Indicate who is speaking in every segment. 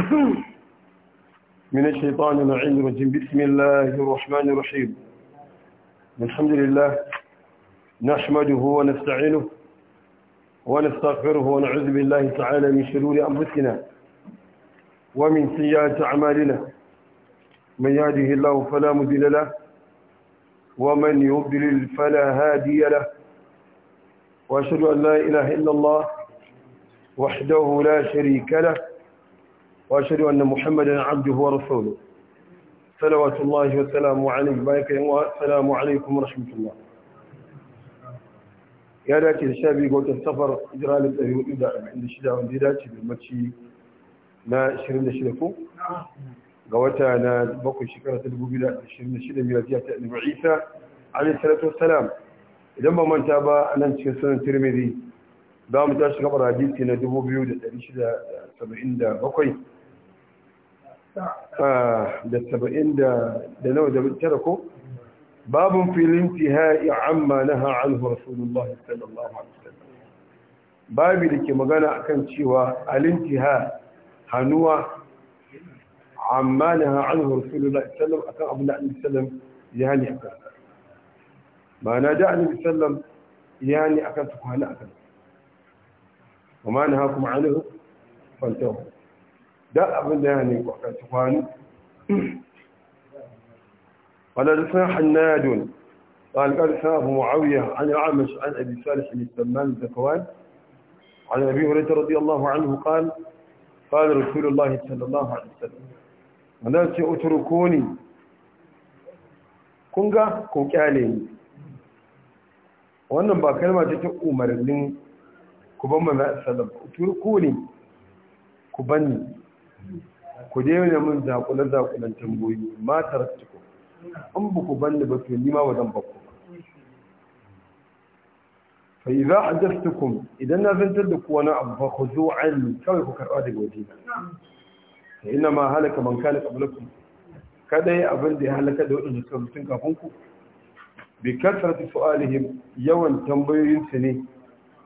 Speaker 1: من الشيطان العين الرجيم بسم الله الرحمن الرحيم الحمد لله نحمده ونستعينه ونستغفره ونعوذ بالله تعالى من شرور أنفسنا ومن سيئات أعمالنا من يهده الله فلا مضل له ومن يضلل فلا هادي له وأشهد أن لا إله إلا الله وحده لا شريك له وأشهد أن محمدا عبده ورسوله صلوات الله وسلامه عليه بايك السلام عليكم الله ya dace da sha biyu ga watan safar jiralin ɗari hudu da arba'in da shida wanda ya da shida ko ga wata na bakwai shekara ta dubu biyu da da shida ta salam idan ba manta ba a nan cikin sunan tirmidhi za mu tashi gabar hadisi na dubu biyu da shida da saba'in da bakwai Ah, da saba'in da nawa da tara ko babun filin tihai amma naha anhu rasulullahi sallallahu alaihi wasallam babu da ke magana akan cewa alintiha hannuwa amma na anhu rasulullahi sallallahu akan abu da annabi sallam ya hani akan ma'ana da annabi sallam ya hani akan su kwana akan وما نهاكم عنه فانتهوا قال لسنا حناد قال قال معاوية عن العمش عن أبي سالح بن السمان الزكوان عن أبي هريرة رضي الله عنه قال قال رسول الله صلى الله عليه وسلم الناس اتركوني كونغا كوكالي وانا بكلمة كلمة تتقو مرلين ما أسلم اتركوني كوباني ku daina min zakulan-zakulan tamboyi matar ciko in ba ku banda ba to nima ba zan ba ku fa idza hadathtukum idan na zantar da ku wani abu fa khuzu'an kawai ku karba daga waje fa inna ma halaka man kana qablakum kada yi abin da ya halaka da wadanda suka mutun kafin ku bi kasrati su'alihim yawan tambayoyin su ne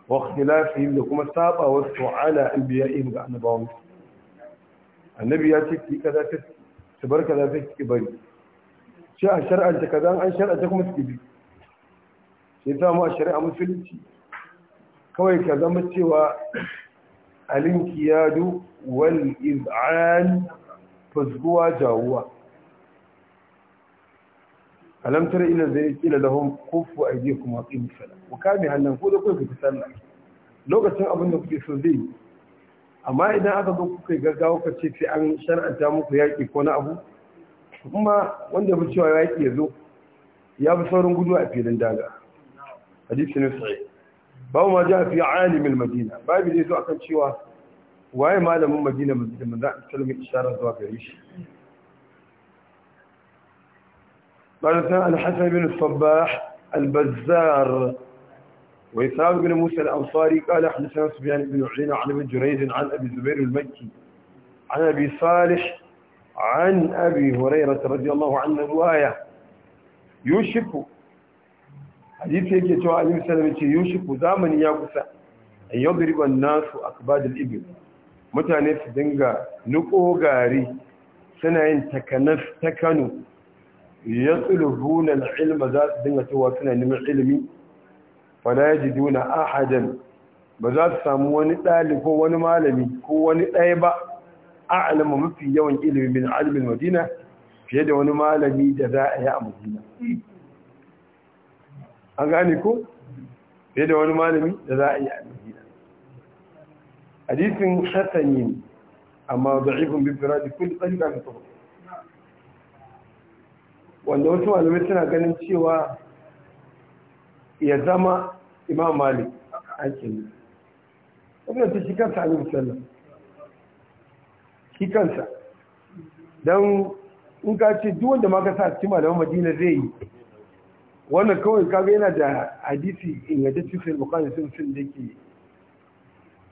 Speaker 1: wa ikhtilafihim da kuma sabawa su ala anbiya'ihim ga annabawansu annabi ya ce ki kaza ta ci bar kaza ta ki bari sai a shar'anta kaza an shar'anta kuma ki bi sai ta mu a shari'a musulunci kawai ka zama cewa alinkiyadu wal iz'an fazguwa jawuwa alam tara ila zai kila lahum kufu aydikum wa qimu salat wa kame hannan ko da kuka fita sallah lokacin abin da kuke so zai amma idan aka zo kuka gaggawa ka ce sai an shar'anta muku yaƙi ko na abu kuma wanda bi cewa yaƙi ya zo ya bi saurin gudu a filin daga hadisi ne sai babu ma ja fi alimin madina babu ne zo akan cewa waye malamin madina madina manzo sallama isharar zuwa gare shi قال الحسن بن الصباح البزار وإسحاق بن موسى الأنصاري قال حدثنا سفيان بن عيينة عن ابن جريج عن أبي الزبير المكي عن أبي صالح عن أبي هريرة رضي الله عنه رواية يوشك حديث يكي توا عليه السلام يوشك زامن يقصى أن يضرب الناس أكباد الإبل mutane su dinga nuko gari suna yin takanas ta kano ya tsulhunan ilma من علمي fala yajiduna ahadan ba za su samu wani ɗali ko wani malami ko wani ɗaya ba a'lamu mafi yawan ilimin min alimin madina fiye da wani malami da za a yi a madina a gane ko fiye da wani malami da za a yi a madina hadisin hasani amma da'ifin bibira da kullum tsarika da tafi wanda wasu malamai suna ganin cewa ya zama imam malik ne wannan ta shi kansa annabi sallallahu shi kansa dan in ka ce duk wanda ma ka sa cikin malaman madina zai yi wannan kawai kaga yana da hadisi ingantacce sai bukani sun sun da ke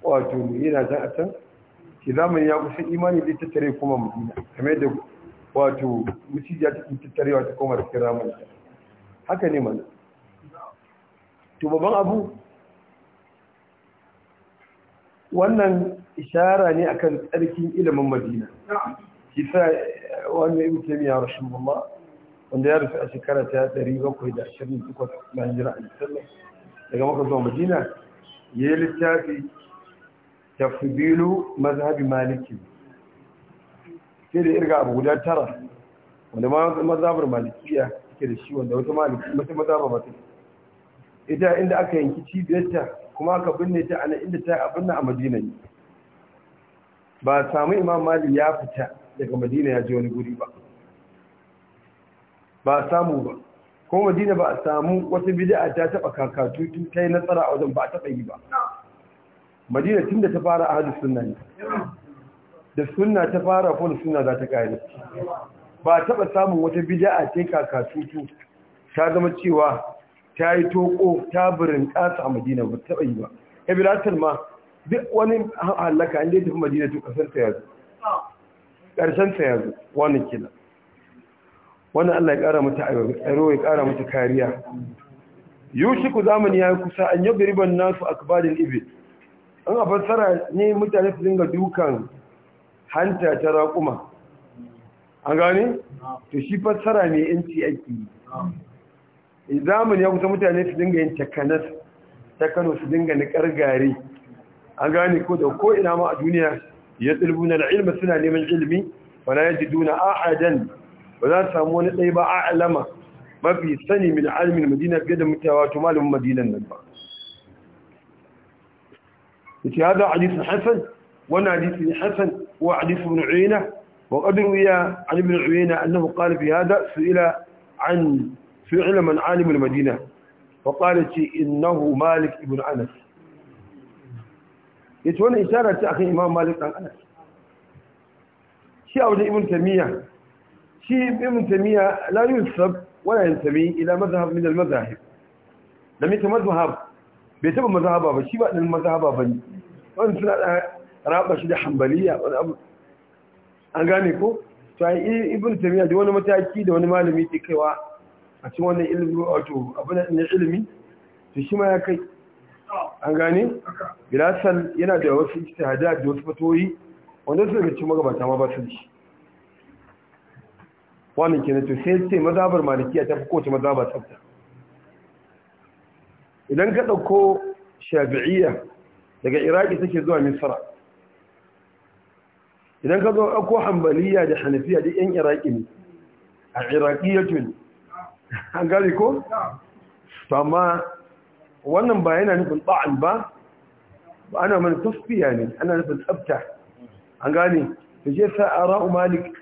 Speaker 1: wato yana zan a can ke zamani ya kusa imani zai tattare kuma madina kamar da wato ya ta tattarewa ta koma cikin ramanta haka ne mana to babban abu wannan ishara ne akan tsarkin ilimin madina shi sa eh, wani ibn taymiya rahimahullah wanda ya rufe a shekara ta 728 na hijira al-sallam daga maka zuwa madina ya yi littafi tafdilu mazhabi maliki sai da irga abu guda tara wanda mazhabar malikiya take da shi wanda wata maliki wata mazhabar ba ita inda aka yanki cibiyarta kuma aka binne ta a inda ta abin a madina ne ba samu imam mali ya fita daga madina ya je wani guri ba ba samu ba ko madina ba a samu wata bid'a ta taba kakatutu ta yi nasara a wajen ba a taba yi ba madina tun da ta fara a ahlus sunna ne da sunna ta fara ko da sunna za ta kare ba taba samun wata bid'a ta kakatutu ta zama cewa ta yi toko ta birin kasa a madina ba taɓa yi ba kabilatar ma duk wani halaka an tafi madina to ƙasarsa ya zo ƙarshensa ya zo wani kila wani allah ya ƙara mata tsaro ya ƙara mata kariya yushiku zamani ya kusa an yau riban nasu akbalin ibil an a fassara ne mutane su dinga dukan hanta ta raƙuma an gane to shi fassara ne yanci ake yi zamani ya kusa mutane su dinga yin takanas ta su dinga niƙar gari an gane ko da ko ina ma a duniya ya tsilbuna na ilmi suna neman ilmi wala ya jiduna ahadan ba za su samu wani ɗaya ba a alama mafi sani min alimin madina fiye da mutawa to malamin madinan nan ba yace hada hadith hasan wannan hadisi hasan wa hadith ibn uyayna wa qad ruya an ibn uyayna annahu qala fi hada su'ila an fi'il man alimul madina wa qala ce innahu malik ibn anas yace wannan isharar ce akan imam malik dan anas shi a wajen ibn tamiya shi ibn tamiya la yusab wala yantabi ila madhhab min al madahib da mita mazhab bai taba mazhaba ba shi ba din mazhaba bane wannan suna da raba shi da wani abu an gane ko to ai ibn tamiya wani mataki da wani malami ke kaiwa a cikin wannan ilimi wato abin da ilimi to shi ma ya kai an gane gilasan yana da wasu ijtihada da wasu fatoyi wanda su daga cikin magabata ma ba su shi wannan kenan to sai sai mazhabar malikiya ta fi kowace mazhaba tsafta idan ka ɗauko shafi'iyya daga iraki take zuwa misra idan ka zo ɗauko hanbaliya da hanafiya da yan iraki ne a irakiyatu ne an gari ko? to amma wannan ba yana nufin ba'an ba ana mana tasfiya ne ana nufin tsabta an gane ta je sa a ra'u malik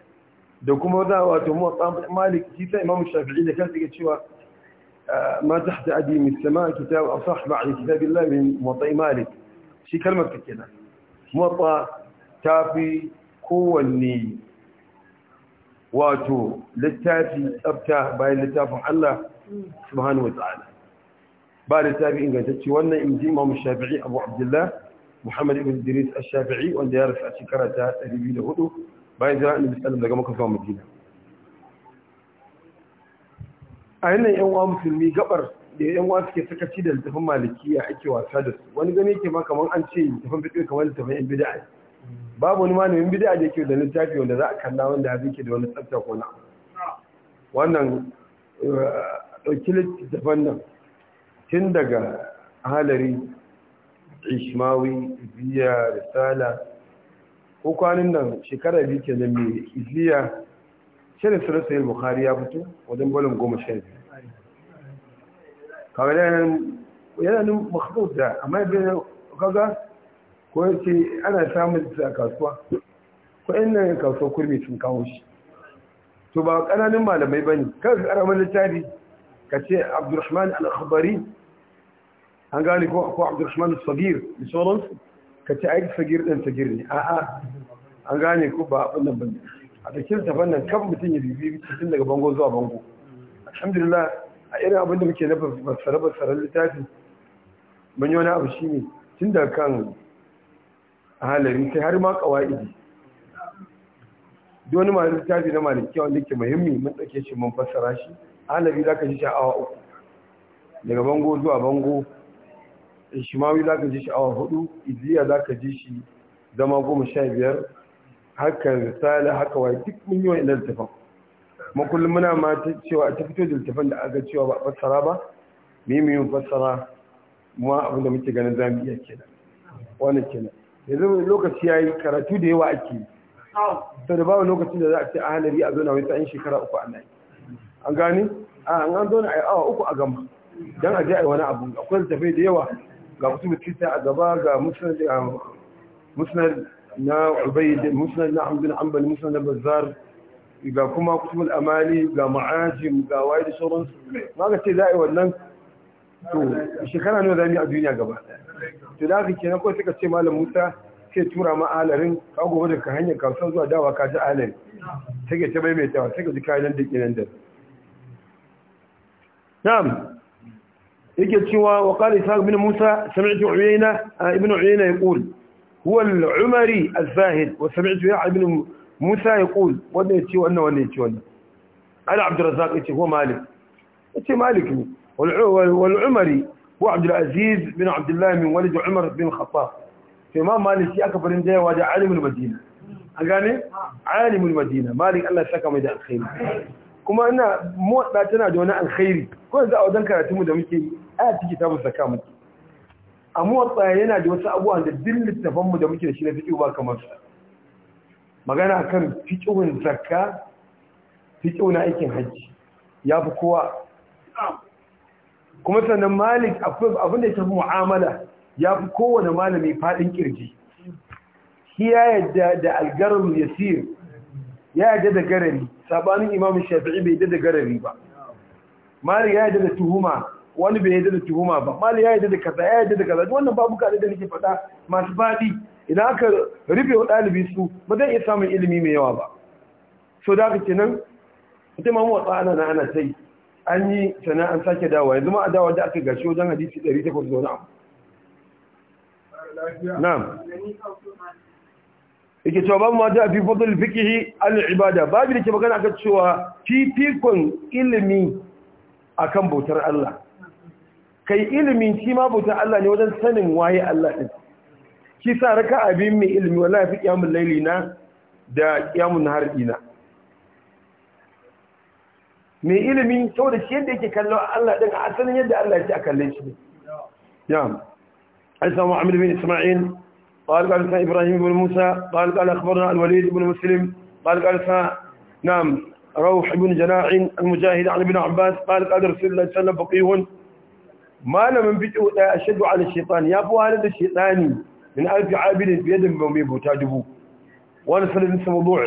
Speaker 1: da kuma za a wato muwatsa malik shi sa imamu shafi'i da kansa ke cewa ah, ma ta hata adi mai sama a kitabu a sa ba a kitabin lamin muwatsa malik shi kalmar ta kenan muwatsa ta fi kowanne wato littafi tsafta bayan littafin Allah subhanahu wata'ala ba littafi ingantacci wannan ji Imam Shafi'i Abu Abdullah Muhammad ibn Idris Ash-Shafi'i wanda ya rasu a shekara ta 2004 bayan zira'in Annabi daga makafa zuwa Madina a yanayin yan uwa musulmi gabar da yan uwa suke sakaci da littafin malikiya ake wasa da su wani gani ke ma kamar an ce littafin fiqh kamar littafin yan bid'a babu wani malamin bid'a da yake da littafi wanda za a kalla wanda ya zike da wani tsafta ko na wannan dauki eh, littafin nan tun daga halari ishmawi biya risala ko kwanin nan shekara biyu ke nan mai izliya shirin yin bukari ya fito wajen bolin goma sha biyu kawai yana nan makhbut da amma yadda kaga ko ya ce ana samun a kasuwa ko yan nan kasuwa kurmi sun kawo shi to ba ƙananan malamai bane kan ƙaramin littafi ka ce abdurrahman al khabari an gane ko ko abdurrahman al sabir da sauransu ka ce ai sagir dan sagir ne a'a an gane ko ba abin nan ba a cikin tafan nan kan mutum ya bibi tun daga bango zuwa bango alhamdulillah a irin abin da muke na fassare-fassaren littafi mun yi wani abu shi ne tun da kan halari sai har ma kawaidi doni ma littafi na maliki wanda ke muhimmi mun dauke shi mun fassara shi halari zaka ji sha'awa uku daga bango zuwa bango ishmawi zaka ji sha'awa hudu iziya zaka ji shi zama goma sha biyar haka risala haka wai duk mun yi wa ina littafin kuma kullum muna ma cewa ta fito da littafin da aka cewa ba fassara ba mu yi mu fassara ma abinda muke ganin zamu iya kenan wannan kenan yanzu lokaci ya yi karatu da yawa ake yi sau da babu lokacin da za a ce a hanari a zona wata yin shekara uku a nan an gani a an zo na a yi awa uku a gama don a je a yi wani abu akwai tafe da yawa ga kutubu kita a gaba ga musnar na ubaid musnad na amdun ambal musnad na bazar ga kuma kutubul amali ga ma'ajin, ga waye da sauransu ma ga ce za a yi wannan to shekara nuna zamu yi a duniya gaba to da haka kenan ko suka ce malam Musa sai tura ma alarin ka daga hanyar kasuwa zuwa dawa ka ji alarin take ta maimaitawa take ji kayan da kinan da na'am yake cewa wa qala isa ibn musa sami'tu uyayna ah, ibn uyayna yaqul huwa al-umari al-zahid wa sami'tu ya ibn musa yaqul wanda yace wannan wanda yace wannan ala abdurrazzaq arrazzaq yace huwa malik yace malik ne والعمري هو عبد العزيز بن عبد الله من ولد عمر بن الخطاب في ما مالك شيء من جاي وجه عالم المدينة أغاني عالم المدينة مالك الله شكا مدى الخير kuma ina motsa tana da wani alkhairi ko za a wajen karatunmu da muke a ciki ta musaka muke a yana da wasu abubuwa da duk littafanmu da muke da shi na fiƙi ba kamar su magana kan fiƙiwin zakka na aikin hajji ya fi kowa kuma sannan malik abinda ya tafi mu'amala ya fi kowane malami faɗin kirji shi ya yadda da algarar yasir ya yadda da garari sabanin imam shafi'i bai yadda da garari ba malik ya yadda da tuhuma wani bai yadda da tuhuma ba malik ya yadda da kaza ya yadda da kaza wannan babu kaɗai da nake faɗa masu faɗi idan aka rufe wa ɗalibi su ba zai iya samun ilimi mai yawa ba so da haka kenan ita ma mu ana na ana sai an yi sana an sake dawa yanzu ma a dawa da aka gashi wajen hadisi 800 zaune na'am yake cewa babu mata fi fadl fiqhi al ibada babu da ke magana akan cewa fifikon ilimi akan bautar Allah kai ilimi shi ma bautar Allah ne wajen sanin waye Allah din shi sa raka abin mai ilimi wala fi kyamun layli na da qiyamul nahar dina mai ilimi saboda shi yadda yake kallon Allah din a yadda Allah ya ce a kalle shi ne ya an samu amir bin isma'il قال قال سنا إبراهيم بن موسى قال قال أخبرنا الوليد بن مسلم قال قال سنا نعم روح بن جناع المجاهد عن ابن عباس قال قال رسول الله صلى الله عليه وسلم فقيه ما لم بيتو أشد على الشيطان يا أبو هذا الشيطاني من ألف عابد بيد بميبو تاجبو وأنا سنة موضوع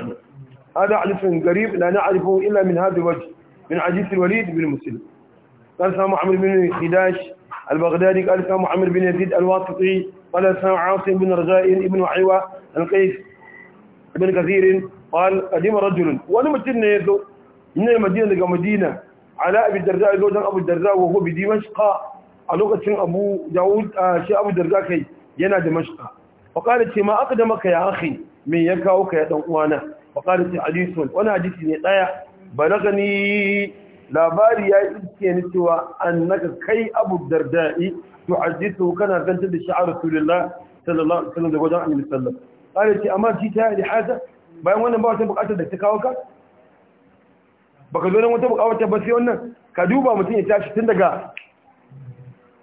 Speaker 1: هذا حديث قريب لا نعرفه إلا من هذا الوجه من عزيز الوليد بن مسلم قال سمع عمر بن خداش البغدادي قال سمع عمر بن يزيد الواسطي قال سمع عاصم بن رجاء بن عيوة القيس بن كثير قال قديم رجل وانا متن يدو من المدينة لقى مدينة على أبي الدرداء زوجا أبو الدرداء وهو بدمشق على وقت أبو داود آه، شيء أبو الدرداء كي ينا دمشق فقالت ما أقدمك يا أخي من يكاوك يا دوانا فقالت حديث وانا حديث نتايا balagani labari ya iske ni cewa annaka kai abu darda'i tuhaddithu kana ganta da shi'ar rasulullah sallallahu alaihi wasallam da wajen annabi sallallahu alaihi wasallam amma shi ta da hada bayan wannan ba wata bukatar da ta kawo ka baka zo nan wata bukatar ba sai wannan ka duba mutum ya tashi tun daga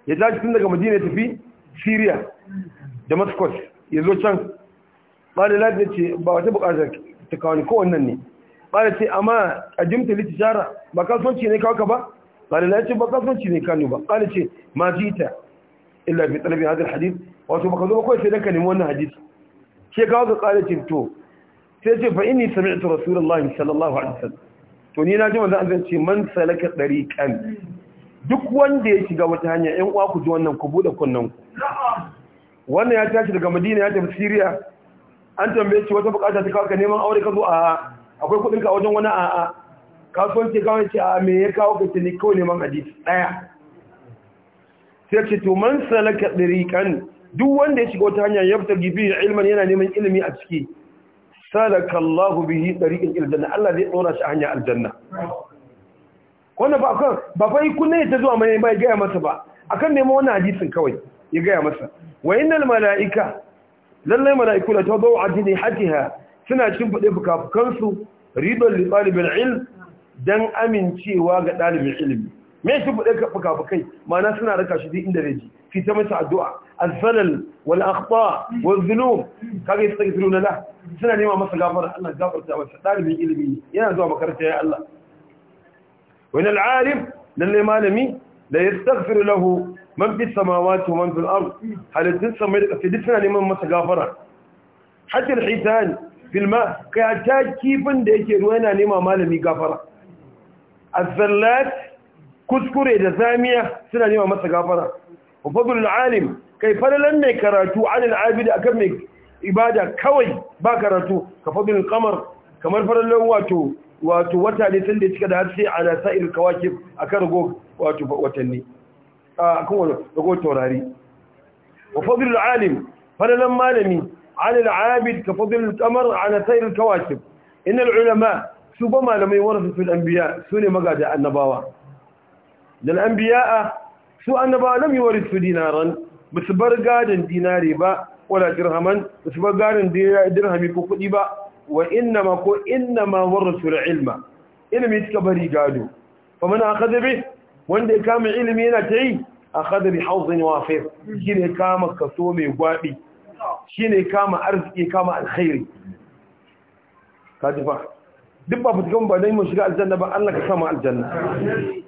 Speaker 1: ya tashi tun daga Madina ya tafi Syria Damascus ya zo can ba da lafiya ce ba wata bukatar ta kawo ni ko wannan ne ƙara ce amma a jimta litijara ba kasuwanci ne kawo ka ba ƙara na ce ba kasuwanci ne kanu ba ƙara ce ma ta illa fi talabin hadar hadis wato baka zo ba kawai sai dan ka nemi wannan hadis ke kawo ka ƙara ce to sai ce fa inni sami'tu rasulullahi sallallahu alaihi wasallam to ni na ji manzon Allah ce man salaka ɗari kan. duk wanda ya shiga wata hanya ƴan uwa ku ji wannan ku buɗe kunnan ku wannan ya tashi daga Madina ya tafi Syria an tambaye shi wata bukata ta kawo ka neman aure ka zo a akwai kudin ka wajen wani a'a kasuwanci kawai ce a me ya kawo ka tuni kawai neman hadisi daya sai ce to man salaka diriqan duk wanda ya shiga wata hanya ya fita gibi ilman yana neman ilimi a ciki salaka Allah bihi dariqan janna Allah zai dora shi a hanya aljanna wannan ba kan ba fa kunne ta zuwa mai bai ga masa ba akan neman wannan hadisin kawai ya gaya masa wa innal malaika lallai mala'iku da ta zo hatiha suna cin faɗe fukafukansu riban li talibin ilm don amincewa ga ɗalibin ilimi me shi bude ka fuka kai? Mana suna raka shi duk inda raji fi ta masa addu'a al-falal wal akhta wal dhunub kaga yastaghfiruna la suna nema masa gafara Allah ta masa Ɗalibin ilimi yana zuwa makaranta ya Allah Wani inal alim lalle malami la yastaghfiru lahu man fi samawati wa man fil ard halittun samai da kafi duk suna neman masa gafara hatta al filma kai kifin da yake ruwa yana nema malami gafara azallat kuskure da zamiya suna nema masa gafara fadlul alim kai falalan mai karatu anil abid akan mai ibada kawai ba karatu ka fadlul kamar kamar falalan wato wato wata ne tun da cika da harshe a sa'il kawakib akan rago wato watanni a ah, kan rago taurari wa fadlul alim falalan malami عن العابد كفضل القمر على سير الكواكب إن العلماء سبما لم يورثوا في الأنبياء سوني مقاد النباوة للأنبياء سوء النباوة لم يورثوا دينارا بس برقاد ديناري با ولا درهما بس برقاد درهمي كوكي با وإنما كو إنما ورثوا العلم إلم يتكبري قادوا فمن أخذ به وإن كام علمي نتعي أخذ بحوض وافر كده كام كسومي وابي shine kama arziki kama alkhairi kaji fa duk ba fitikan ba dai mu shiga aljanna ba Allah ka sama aljanna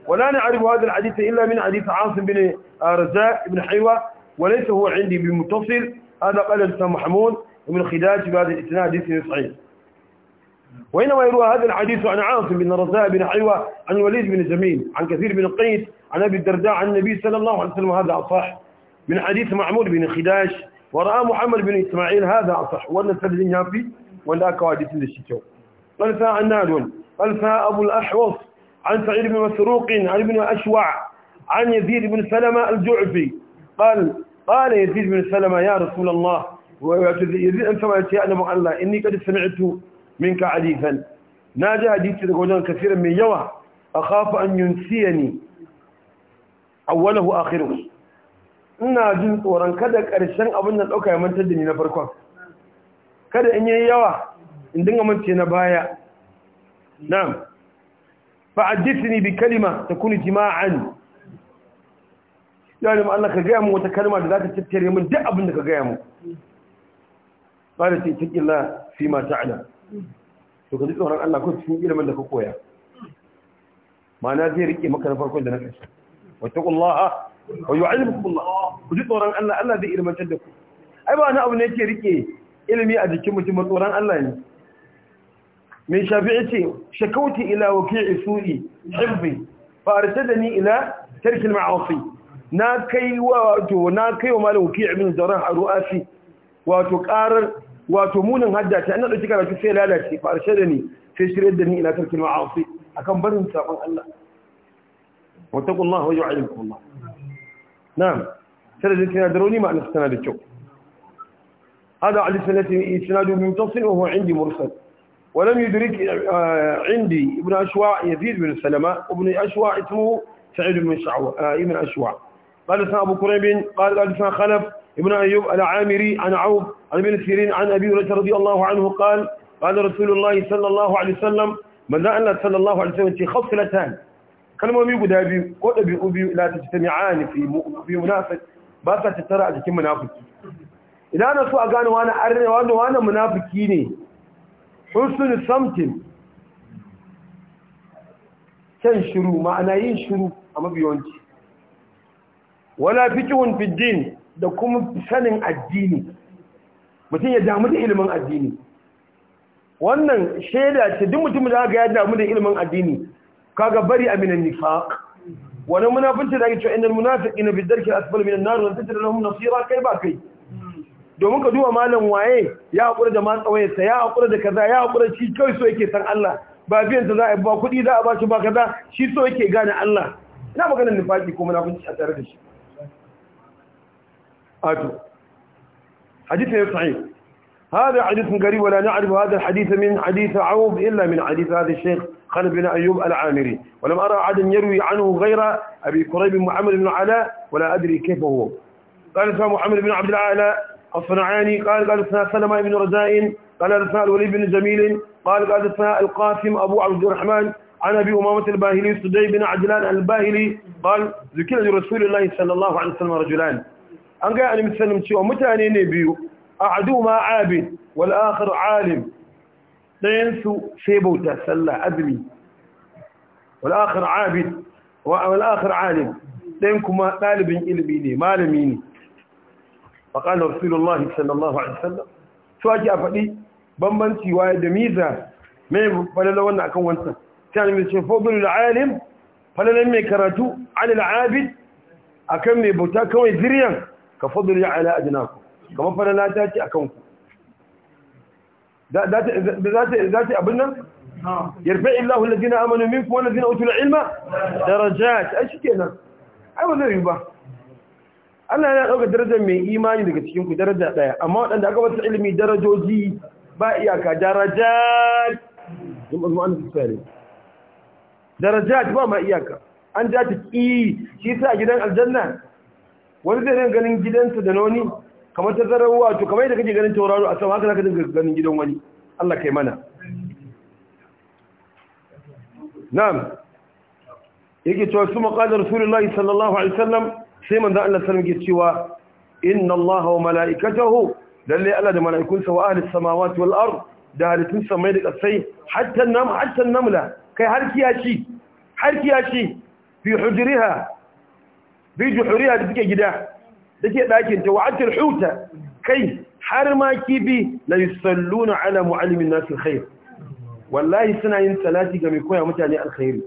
Speaker 1: wala na arifu hadal hadith illa min hadith Asim bin ah, Raza ibn Haywa وليس هو عندي بمتصل هذا قال الإسلام محمود ومن خداج بهذا الإسناد حديث صحيح وإنما يروى هذا الحديث عن عاصم بن رزاء بن حيوة عن الوليد بن جميل عن كثير بن قيس عن أبي الدرداء عن النبي صلى الله عليه وسلم هذا أصح من حديث معمود بن خداش ورأى محمد بن إسماعيل هذا أصح ولا سلزين يابي ولا كواديس للشتو قال ساء النال قال أبو الأحوص عن سعيد بن مسروق عن ابن أشوع عن يزيد بن سلمة الجعفي قال قال يزيد بن سلمة يا رسول الله يزيد أنت يا أنبو الله إني قد سمعت منك حديثا ناجى حديث تقولون كثيرا من يوى أخاف أن ينسيني أوله آخره ina jin tsoron kada ƙarshen abin da ɗauka ya mantar da ni na farkon kada in yi yawa in dinga mance na baya na'am fa'addithni bi kalima ta kuni jima'an yani ma’ana ka gaya mu wata kalima da za ta tattare min duk abin da ka gaya mu da ta illa fi ma ta'lam to ka ji tsoron Allah ko cikin ilimin da ka koya ma'ana zai rike maka na farkon da na wata ƙullaha wa yu'allimukum Allah ku ji tsoron Allah Allah zai ilmantar da ku ai ba wani abu ne yake rike ilimi a jikin mutum tsoron Allah ne mai shafi'i ce shakauti ila waki'i su'i hibbi fa arsadani ila tarki al-ma'asi na kai wato na kai wa malam waki'i ibn zarah ar-ru'asi wato qarar wato munin haddata ina dauki karatu sai lalace fa arsadani sai shiryar da ni ila tarki al-ma'asi akan barin sabon Allah wa taqullaha wa yu'allimukum Allah نعم sanadin تنادروني ما نستناد الجو هذا على سنة إسناد متصل وهو عندي مرسل ولم يدرك آه، عندي ابن أشواء يزيد بن سلمة وابن أشواء اسمه سعيد بن شعوة آه، ابن أشواء قال سنة أبو كريب قال قال سنة خلف ابن أيوب العامري عن عوف عن ابن سيرين عن أبي هريرة رضي الله عنه قال قال رسول الله صلى الله عليه وسلم من لا أن صلى الله عليه وسلم خصلتان kalmomi guda biyu ko ɗabi'u biyu ila ta jitami'ani fi munafiq ba sa tattara a jikin munafiki idan na so a gane wani arne wani wani munafiki ne husnul samtin can shiru ma'ana yin shiru a mabiyanci wala fiqhun fi din da kuma sanin addini mutum ya damu da ilimin addini wannan shaida ce duk mutum da aka ya damu da ilimin addini kaga bari a minan nifaq wani munafinci da ake cewa inda munafiki na bidarki asibar minan naru wani tattalin lahum nasira kai ba kai domin ka duba malam waye ya haƙura da matsawaye ya haƙura da kaza ya haƙura shi kai so yake san Allah ba biyan ta za a ba kuɗi za a ba shi ba kaza shi so yake gane Allah ina maganar nifaki ko munafinci a tare da shi ato hadisi sahih هذا حديث قريب ولا نعرف هذا الحديث من حديث عوف إلا من حديث هذا الشيخ خالد بن أيوب العامري ولم أرى أحدا يروي عنه غير أبي كريب محمد بن علاء ولا أدري كيف هو قال سمع محمد بن عبد الأعلى الصنعاني قال قال سمع سلمة بن رزائن قال سمع الوليد بن جميل قال قال سمع القاسم أبو عبد الرحمن عن أبي أمامة الباهلي سدي بن عجلان الباهلي قال ذكر لرسول الله صلى الله عليه وسلم رجلان قال أن يتسلم شيء ومتى بيو أعدوما عابد والآخر عالم ɗayansu sai bauta sallah azumi wal'akar abid wal'akar ɗayan kuma ɗalibin ilimi ne malami ne a ƙanar rasulullah sallallahu alaihi sallam su ake a faɗi bambanci waye da miza mai falala wannan akan wancan ta ne mai cin fobin al'alim falalan mai karatu alil akan mai bauta kawai ziryan ka kamar falala ta ce a kanku za ta abin nan yarfe illahu lalzina amanu min kuma na lalzina utul ilma darajat ai shi kenan ai ba zai yi ba Allah yana ɗauka darajar mai imani daga cikin ku daraja ɗaya amma waɗanda aka wasu ilimi darajoji ba iyaka darajat sun ba zuwa su tsare darajat ba ma iyaka an ja ta ƙi shi sa gidan aljanna wani zai ganin gidansa da noni kamar tazarar to kamar yadda kake ganin tauraro a sama haka zaka dinga ganin gidan wani Allah kai mana na'am yake cewa su maqalar rasulullahi sallallahu alaihi wasallam sai manzo Allah sallallahu alaihi cewa inna Allah wa mala'ikatahu lalle Allah da mala'ikunsa wa ahli samawati wal ard da halittun samai da kasai hatta nam hatta namla kai har kiyashi har kiyashi fi hujriha bi juhriha da take gida da ke ɗakin ta wa'atar huta kai har ma kibi la yusalluna ala mu'allimin nasu khair wallahi suna yin salati ga mai koya mutane alkhairi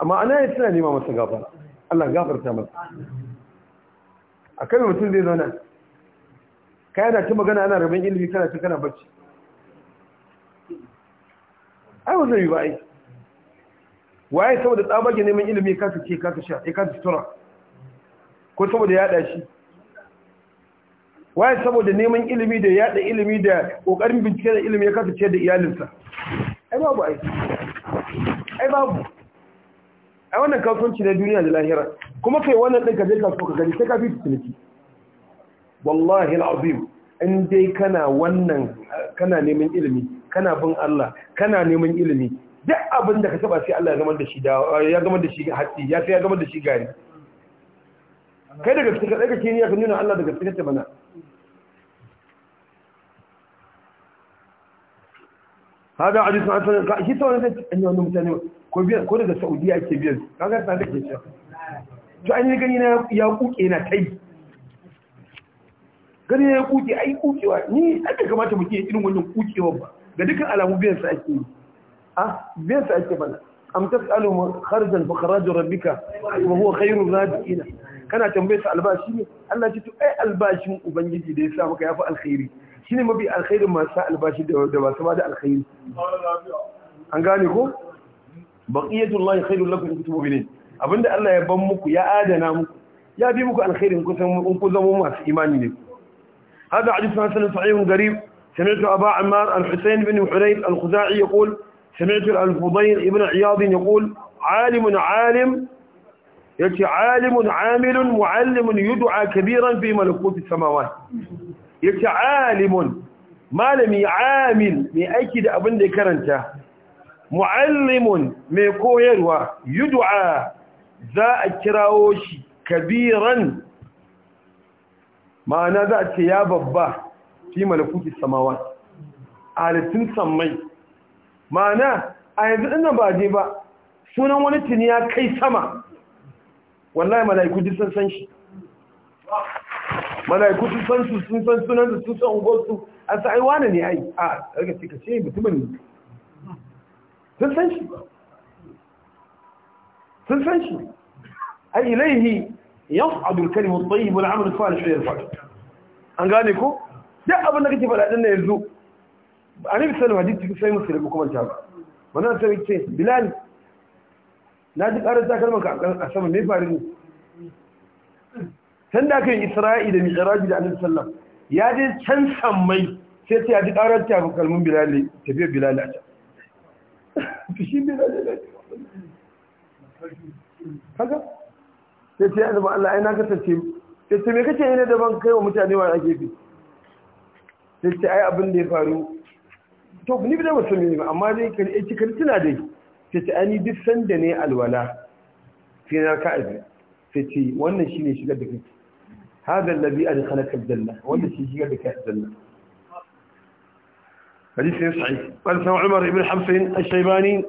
Speaker 1: amma ana yi suna nema masa gafara Allah gafarta masa a kan mutum zai zauna kayan da ta magana ana rabin ilimi kana ta kana bacci ai wasu yi ba ai waye saboda tsabagen neman ilimi kasa ce kasa sha ya eh, kasa tura? ko saboda yada shi waye saboda neman ilimi da yada ilimi da kokarin bincike da ilimi ya kasance da iyalinsa ai babu ai ai babu ai wannan kasuwanci na duniya da lahira kuma kai wannan ɗin ka je ka ka gani sai ka fi tsinci wallahi al'azim in dai kana wannan kana neman ilimi kana bin Allah kana neman ilimi duk abin da ka taba sai Allah ya gama da shi da ya gama da shi hatsi ya sai ya gama da shi gari kai daga cikin kaɗai kake niyya ka nuna Allah daga cikin ta mana hada a jisun asirin ka shi tsawon zai an yi wani mutane ko daga saudiya ake biyan kaga sa da ke cewa to an yi gani na ya kuke na tai gani na ya kuke ai kukewa ni aka kamata mu ke irin wannan kukewa ba ga dukkan alamu biyan sa ake yi ah biyan sa ake bana am tasalu kharjan fa kharaju rabbika wa huwa khairu rajiina kana tambaye su albashi ne Allah ce to ai albashin ubangiji da ya sa maka yafi alkhairi shine mabi alkhairin ma sa albashi da da ba ba da alkhairi an gane ko baqiyatullahi khairul lakum in kuntum mu'minin abinda Allah ya ban muku ya adana muku ya bi muku alkhairin ku san mun ku zama masu imani ne hada hadith hasan sahih garib سمعت أبا عمار الحسين بن حريث الخزاعي يقول سمعت الفضيل ابن عياض يقول عالم عالم yace alimun amilun muallimun yud'a kabiran fi malakuti samawat yace alimun malami amil mai aiki da abin da ya karanta muallimun mai koyarwa yud'a za a kirawo shi kabiran ma'ana za a ce ya babba fi malakuti samawa a sammai ma'ana a yanzu ɗinnan ba je ba sunan wani tuni ya kai sama wallahi mala'iku duk sun san shi mala'iku sun san su sun san sunan sun san ungosu an sa ai wani ne ai a daga cika ce mutumin ne sun san shi sun san shi ai ilaihi yas'adu al-kalimu at-tayyib wal 'amalu as-salih yarfa'u an gane ko duk abin da kake faɗa din ne yanzu annabi sallallahu alaihi wasallam hadisi sai musulmi kuma ta ba wannan sai ce bilal na ji ƙarar takalman ka a sama mai faru ne can da aka yi isra'i da mijiraji da annabi sallam ya je can sammai sai ta ji ƙarar takalmin ta tafiyar bilali a can fishin bilali da kaga sai ta yi azaba Allah ai na kasance sai ta me kace ne ban kai wa mutane wa ake bi sai ta ai abin da ya faru to ni bi da mutum ne amma dai kan eh, ci kan tuna dai ta ce ani duk sanda ne alwala fi na raka abi ta ce wannan shi ne shigar da kake hada labi a da halakar صحيح قال سمع عمر بن حفص الشيباني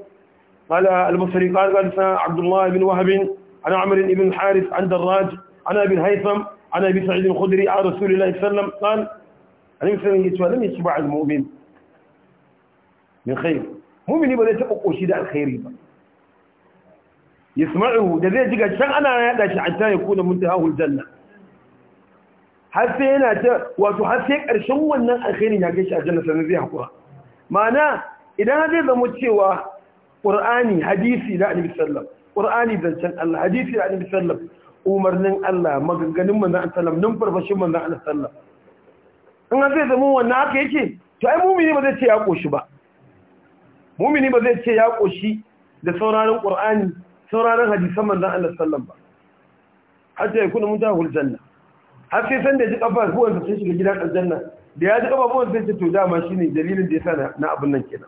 Speaker 1: قال البصري قال قال سمع عبد الله بن وهب عن عمر بن الحارث عن دراج عن ابي الهيثم عن ابي سعيد الخدري عن رسول الله صلى الله عليه وسلم قال النبي صلى الله عليه وسلم لم يتبع المؤمن من خير mumini ba zai taɓa ƙoshi da alkhairi ba yasma'u da zai jiga can ana yada shi hatta ya kuna muntahul janna har sai yana ta wato har sai ƙarshen wannan alkhairin ya kai shi aljanna sannan zai haƙura. ma'ana idan zai zama cewa qur'ani hadisi da annabi sallam qur'ani zancen Allah hadisi da annabi sallam umarnin Allah maganganun manzon sallam nan farfashin manzon Allah sallam in zai zama wannan haka yake to ai mumini ba zai ce ya ƙoshi ba mumini ba zai ce ya koshi da sauraron qur'ani sauraron hadisan manzon Allah sallallahu alaihi wasallam ba hatta yakuna mutahul janna har sai san da ji kafafuwan sa sai shiga gidan aljanna da ya ji kafafuwan sai ce to dama shine dalilin da yasa na abin nan kenan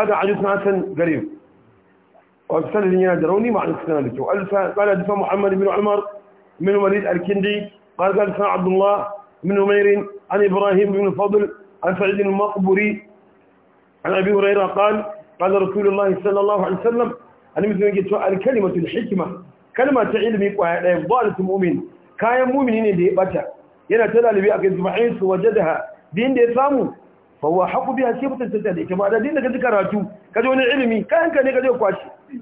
Speaker 1: hada hadith hasan garib وابسل لنا دروني مع الاسنان بك قال دفع محمد بن عمر من وليد الكندي قال قال دفع عبد الله بن عمير عن إبراهيم بن فضل عن سعيد المقبري عن أبي هريرة قال قال رسول الله صلى الله عليه وسلم أنا مثل ما قلت الكلمة الحكمة كلمة علم ضالة مؤمن كاين مؤمنين دي باتا yana تلا لبي أكيد gizmahin وجدها دين دي din فهو حق بها fawa haku كما ce دين ta da ita ba علمي din da ka ji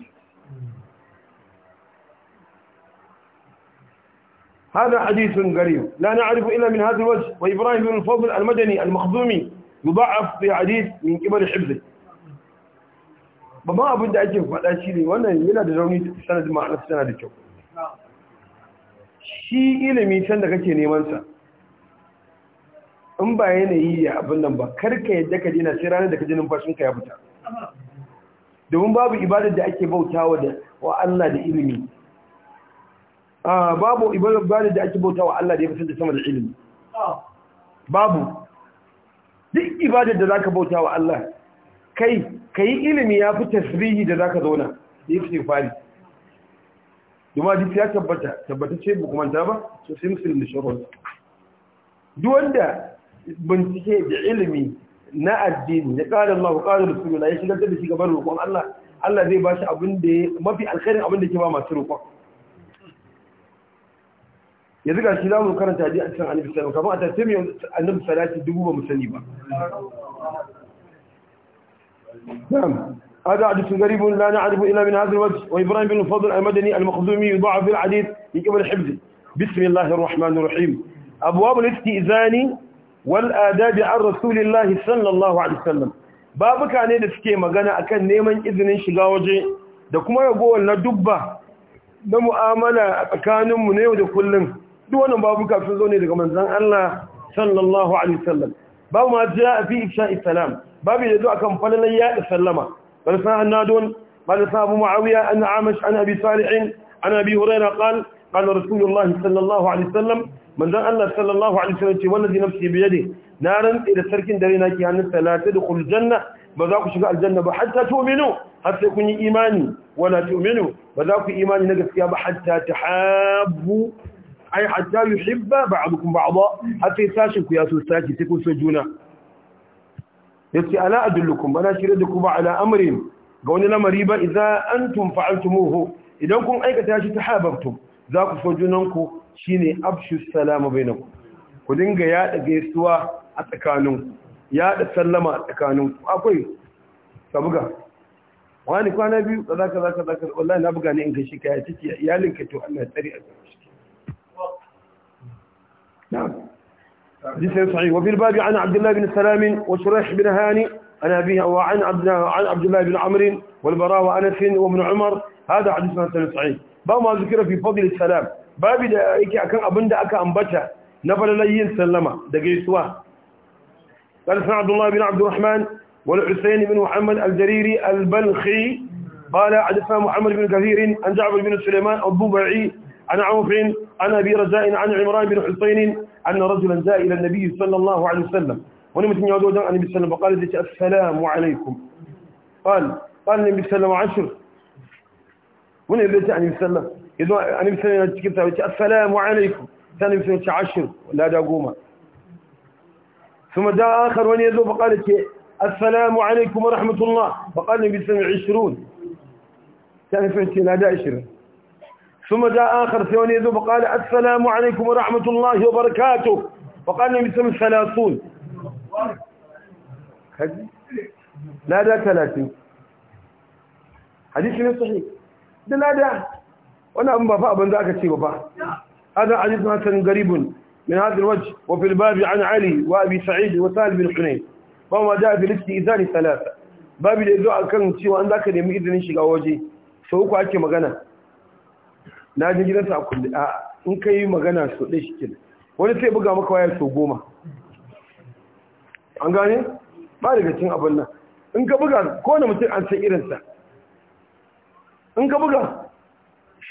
Speaker 1: هذا حديث غريب لا نعرف إلا من هذا الوجه وإبراهيم بن الفضل المدني المخزومي yudha'af bi hadith min qibal hibzi babban abin da ake faɗa shi ne wannan yana da rauni sanadin ma'anar tana da kyau shi ilimi can da kake neman sa in ba yanayi ya abin nan ba karka yadda ka dina sai ranar da ka ji numfashinka ya fita domin babu ibadar da ake bautawa da wa Allah da ilimi babu ibadar da ake bautawa Allah da ya fitar da sama da ilimi babu duk ibadar da zaka bauta wa Allah kai kai ilimi ya fi tasbihi da zaka zauna da istighfari kuma duk ya tabbata tabbata ce ba kuma ta ba so sai muslim da shawara duk wanda bincike da ilimi na addini da qala Allah qala rasulullah ya shigar da shi gaban roƙon Allah Allah zai ba shi abin da mafi alkhairin abin da ke ba masu roƙon yanzu ga shi mu karanta ji a cikin annabi sallallahu kamar a tattaimi annabi salati dubu ba mu sani ba نعم هذا حديث غريب لا نعرف babu kane da suke magana akan neman izinin shiga waje da kuma ragowar na dubba na mu'amala tsakaninmu na yau da kullum duk wannan babu kafin zo ne daga manzon Allah sallallahu alaihi wasallam babu ma ja fi ifsha'i salam babu da a akan falalan yaɗa sallama bal sa'an nadun bal sa'abu muawiya an amash an abi salih an abi hurayra qal qala rasulullah sallallahu alaihi wasallam manzon Allah sallallahu alaihi wasallam ce wallazi nafsi bi yadi na rantsi da sarkin dare na ke hannun salata da kul janna ba za ku shiga aljanna ba hatta tu'minu har sai kun yi imani wala tu'minu ba za ku imani na gaskiya ba hatta ta tahabbu ai hatta yuhibba ba'dukum ba'dha hatta sai ku ya so sashi sai kun so juna yace ala adullukum bana shirye da kuma ala amrin ga wani lamari ba idza antum fa'altumuhu idan kun aikata shi tahabbtum za ku so junanku shine abshu salama bainakum ku dinga da gaisuwa a tsakanin, ya da sallama a tsakanin, ku akwai sabuga wani kwana biyu kaza kaza kaza wallahi na buga ne in kai shi kai ciki iyalinka to Allah ya tsari a cikin حديث صحيح وفي الباب عن عبد الله بن سلام وشريح بن هاني عن أبيه وعن عبد عن عبد الله بن عمرو والبراء وأنس وابن عمر هذا حديث حسن صحيح باب ما ذكر في فضل السلام باب da yake akan abin da aka ambata na falalar yin sallama da gaisuwa قال سعد الله بن عبد الرحمن والحسين بن محمد الجريري البلخي قال حدثنا محمد بن كثير عن جعفر بن سليمان الضبعي عن عوف عن أبي رجاء عن عمران بن حسين أن رجلا جاء إلى النبي صلى الله عليه وسلم ونمت من عن النبي صلى الله عليه وسلم فقال السلام عليكم قال قال النبي صلى الله عليه وسلم عشر ونبت عن النبي صلى الله عليه وسلم السلام عليكم ثاني بسنة عشر لا دا ثم جاء آخر ونيزو فقال السلام عليكم ورحمة الله فقال النبي صلى الله عليه وسلم عشرون كان بسنة لا دا عشرين ثم جاء آخر ثواني يذوب قال السلام عليكم ورحمة الله وبركاته وقال لهم يسمى الثلاثون لا دا ثلاثين حديث من صحيح ده لا دا وانا أم بفاء بن ذاك الشيء هذا حديث مثلا قريب من هذا الوجه وفي الباب عن علي وأبي سعيد وسالم بن حنين وما جاء في إذان ثلاثة باب الإذاء كان شيء وأن ذاك يمئذن شيء وجهي سوق أكي مغنى na ji gidansa a kulle a in ka yi magana so ɗaya shi wani sai buga maka waya so goma an gane ba daga cin abin nan in ka buga kowane mutum an san irinsa in ka buga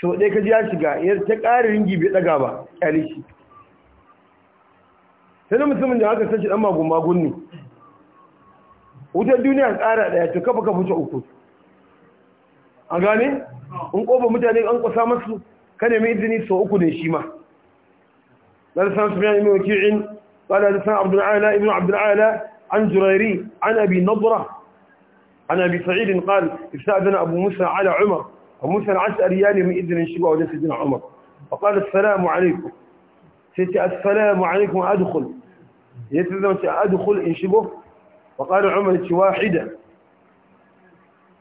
Speaker 1: so ɗaya ka ji ya shiga yadda ta ƙara ringi bai ɗaga ba ƙyale shi sai da mutumin da haka sashi ɗan magun magun ne wutar duniya ƙara ɗaya to kafa kafa ta uku an gane in ƙofa mutane an ƙwasa masu ka nemi izini so uku ne shi ma la san sufyan ibn waki'in qala la san abdul ala ibn abdul ala an jurairi an abi nadra an abi sa'id qala ista'dana abu musa ala umar abu musa al-ash'ari yani min idnin shiba wa sayyidina umar فقال السلام عليكم ستي السلام عليكم أدخل يتلزم أدخل إن شبه فقال عمر واحدة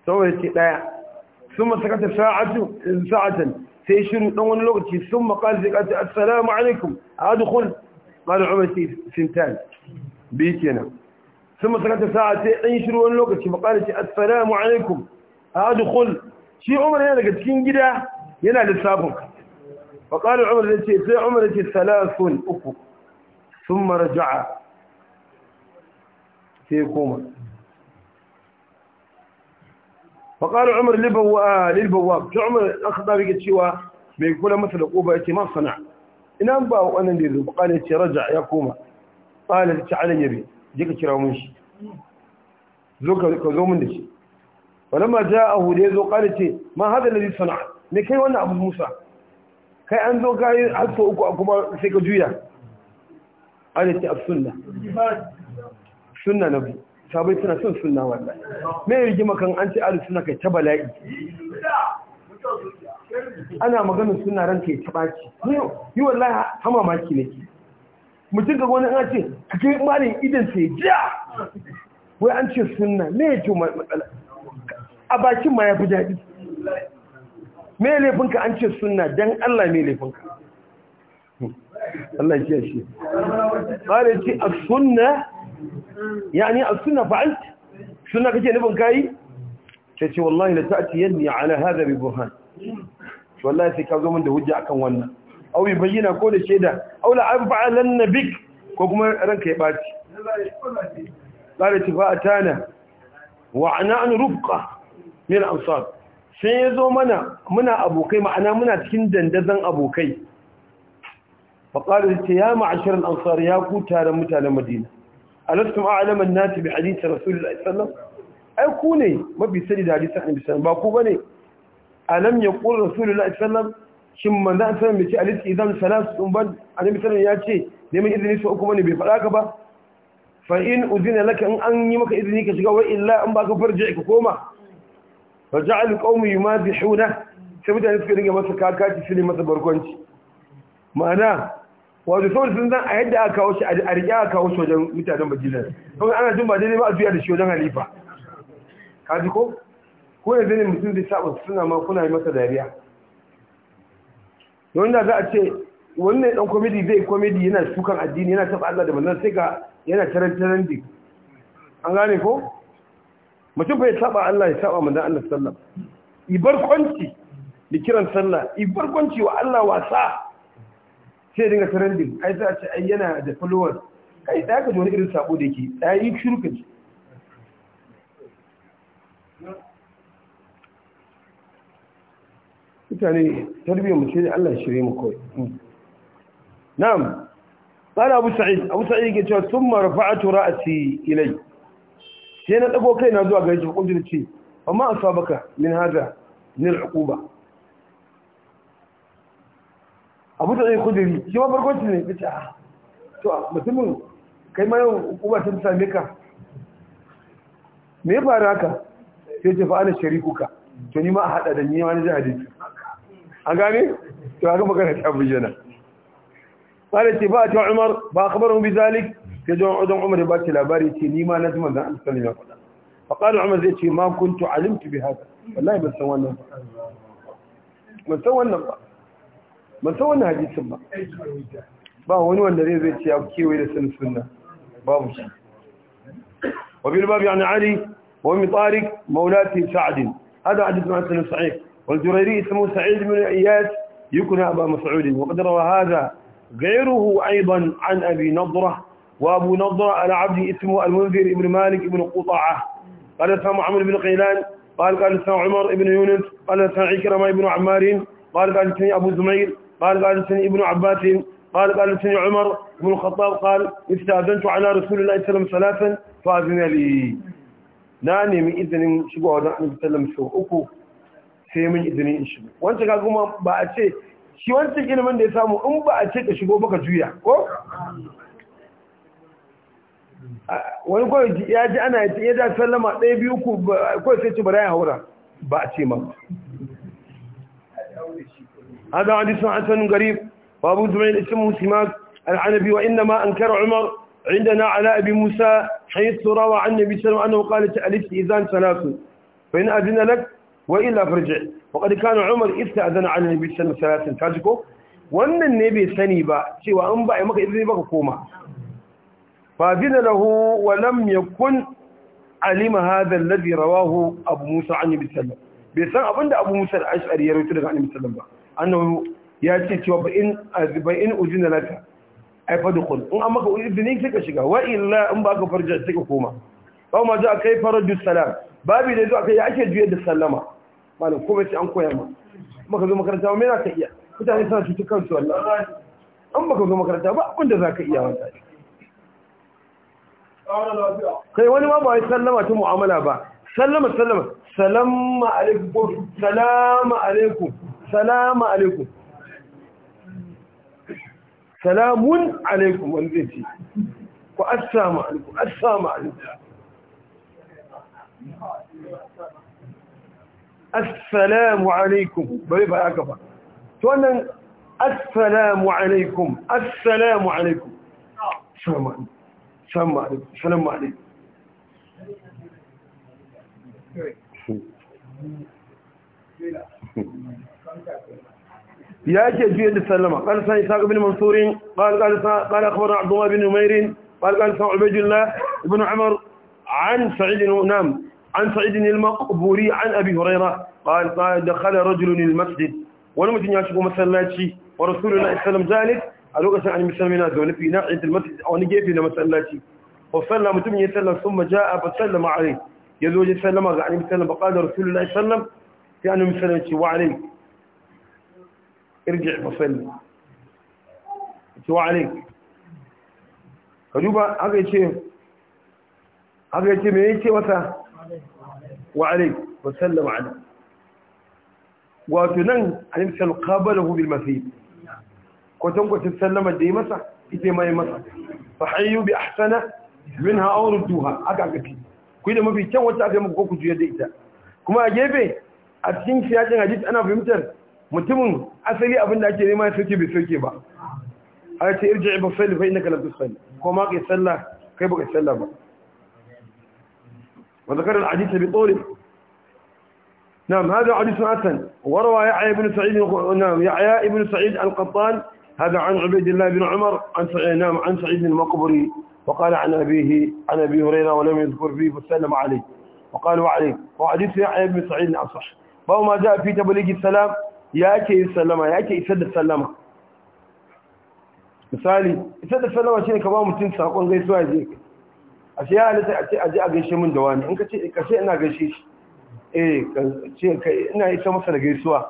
Speaker 1: سوى لا ثم سكت ساعة ساعة sai shiru dan wani lokaci sun maƙal zai ƙasa assalamu alaikum a adukul ƙalu umar sai sintan biyu kenan sun masakata sa'a sai ɗan shiru wani lokaci maƙal ce assalamu alaikum a adukul shi umar yana daga cikin gida yana lissafin فقال sai umar في عمر التي uku sun mara رجع sai koma. faƙarar umar lilbawa ta umar an haɗa rike cewa mai kula masa da ƙoba yake ma sana ina ba wa wannan da ya ce raja ya koma ƙalar ta alin yabe je ka kira mun shi zo ka zo mun da shi wani ma ja a hudu ya zo ƙalar ce ma haɗa da sana me kai abu musa kai an zo kayi kuma sai ka juya ce a sunna sunna na sabai suna son sunna wallahi me rigima kan an ce Ali suna kai ta bala'i ana maganar suna ran kai ta yi wa wallahi hama maki ne mutum ga wani an ce ka kai malin idan sai ja wai an ce suna me ya ce matsala a bakin ma ya fi daɗi me laifinka an ce suna, dan Allah me laifinka Allah ya ce shi ba da ce a sunna yani a suna fa'alt suna kake nufin kai sai ce wallahi da la ta'tiyanni ala hadha bi burhan wallahi sai ka zo min da hujja akan wannan aw yi bayyana ko da sheda aw la af'alan nabik ko kuma ranka ya baci qala tifa'atana wa ana an rufqa min al-ansar ya zo mana muna abokai ma'ana muna cikin dandazan abokai fa qala ya ma'ashar al-ansar ya ku taron mutanen madina alastum a'laman nasi bi hadisi rasulullahi sallallahu alaihi wasallam ai ku ne mafi sani da hadisin annabi sallallahu ba ku bane alam yaqul rasulullahi sallallahu shin manzo an sanar mace alis idan salasu in ban annabi sallallahu ya ce neman izini su uku bane bai faɗa ka ba fa in uzina laka in an yi maka izini ka shiga wa illa an baka farje ka koma fa ja'al qawmi yumadihuna sai mutane suka ringa masa kakaci su ne masa barkwanci ma'ana wato saboda sun zan a yadda aka kawo shi a riƙe aka kawo shi wajen mutanen majalis saboda ana jin ba daidai ba a juya da shi wajen halifa ka ji ko ko yanzu ne mutum zai saba suna ma kuna yi masa dariya don da za a ce wannan dan komedi zai komedi yana sukan addini yana taɓa Allah da manzon sai ga yana taran taran dik an gane ko mutum bai saba Allah ya saba manzon Allah sallallahu alaihi wasallam ibar kwanci da kiran sallah ibar kwanci wa Allah wasa sai dinga trending ai za a ce ai yana da followers kai da ka ji wani irin sabo da yake da yi shiru ka ji mutane tarbiyyar mu sai Allah shirye mu kawai hmm. na'am qala abu sa'id abu sa'id yake cewa thumma rafa'tu ra'si ilai sai na dago na zuwa gare shi hukunci ce amma asabaka min hada min al'uquba abu da zai kudiri shi ma farkonci ne ya ce a ah, to mutumin kai ma yau uba sun same ka me ya fara haka sai ce fa'ana shari kuka to ni ma a haɗa da niyan wani jihadi A gane to haka magana ta abu jana fara ce ba a cewa umar ba a kamar rubi zalik sai zuwa wajen umar ya ba ce labari ce ni ma na zama da an sani ya faɗa fa umar zai ce ma kun to alimtu bi haka wallahi ba ban san wannan ba ban سوى wannan hadisin ba ba wani wanda zai zai ce ya kewaye da sanin وفي الباب عن علي وام طارق مولاتي سعد هذا حديث السنة صحيح والجريري اسمه سعيد بن اياس يكنى ابا مسعود وقد روى هذا غيره ايضا عن ابي نضره وابو نضره على عبد اسمه المنذر بن مالك بن قطعه قال اسمه عمرو بن قيلان قال قال اسمه عمر بن يونس قال اسمه عكرمه بن عمار قال قال اسمه ابو زمير قال قال سن ابن عباس قال قال سن عمر بن الخطاب قال استأذنت على رسول الله صلى الله عليه وسلم ثلاثا فأذن لي ناني من إذن شبه ودعنا صلى الله sai mun izini in shigo wancan ka kuma a ce shi wancan ilimin da ya samu in ba a ce ka shigo baka juya ko wani kawai ya ji ana ya sallama ɗaya biyu ku kawai sai ci bara ya haura ba a ce ma هذا حديث حسن قريب وأبو زمعين اسمه سماك العنبي وإنما أنكر عمر عندنا على أبي موسى حيث روى عن النبي صلى الله عليه وسلم أنه قال إذان ثلاث فإن أذن لك وإلا فرجع وقد كان عمر استأذن على النبي صلى الله عليه وسلم ثلاث وأن النبي سني با سوى أن بقى مك إذن بقى كوما فأذن له ولم يكن علم هذا الذي رواه أبو موسى عن النبي صلى الله عليه وسلم بيسان أبو موسى الأشعري يروي عن النبي صلى الله عليه وسلم annahu ya ce cewa bai in ba in ujina laka ai fa dukul in an maka izini sai ka shiga wa illa in ba ka farja sai ka koma ba ma za kai farajus salam babu da zuwa kai ya ake juyar da sallama malam kuma sai an koya ma maka zo makaranta me za ka iya mutane suna cutu kansu wallahi an maka zo makaranta ba abin da za ka iya wata kai wani ma ba yi sallama ta mu'amala ba sallama sallama salama alaikum salama alaikum salamu alaikum salamun alaikum wani zai ce ku assalamu alaikum assalamu alaikum assalamu alaikum bai ba haka ba to wannan assalamu alaikum assalamu alaikum salamu alaikum salamu alaikum Thank you. يا شيخ جيد السلمة قال سنة إسحاق بن منصور قال قال قال أخبرنا عبد الله بن نمير قال قال سنة عبيد الله بن عمر عن سعيد نعم عن سعيد المقبوري عن أبي هريرة قال قال دخل رجل المسجد ولم يشكو مسلاتي ورسول الله صلى الله عليه وسلم ألوك سنة عن مسلمين ذول في ناحية المسجد أو نجيب مسلاتي وصلى متم يسلم ثم جاء فسلم عليه يزوج سلم عن مسلم فقال رسول الله صلى الله عليه وسلم كأنه مسلم وعليه irji fasalli cewa alaik ka duba haka ya ce haka ya ce mai yake wata wa alaik a ala wato nan alimsal qabalahu bil masih kwatankwacin sallamar da yi masa ita ma yi masa fa hayyu bi ahsana minha aw duha aka gafi ku yi da mafi kyan wata aka yi muku ko ku juyar ita kuma a gefe a cikin siyasin hadisi ana fahimtar mutumin asali abin da ake nema ya soke bai soke ba a ce irji ba salli fa innaka lam tusalli ko ma kai sallah kai baka sallah ba wa zakar al hadith bi tawil نعم هذا حديث حسن وروى يحيى بن سعيد نعم يحيى بن سعيد القطان هذا عن عبيد الله بن عمر عن سعيد نعم عن سعيد المقبري وقال عن أبيه عن أبي هريرة ولم يذكر فيه فسلم عليه وقال وعليه وحديث يحيى بن سعيد الأصح فهو ما جاء في تبليغ السلام yake yin sallama yake isar da sallama misali isar da sallama shine ka ba mutum saƙon gaisuwa je a shi ya halitta a ce a je a gaishe min da wani in ka ce ka kashe ina gaishe shi eh ka ce ka ina isa masa da gaisuwa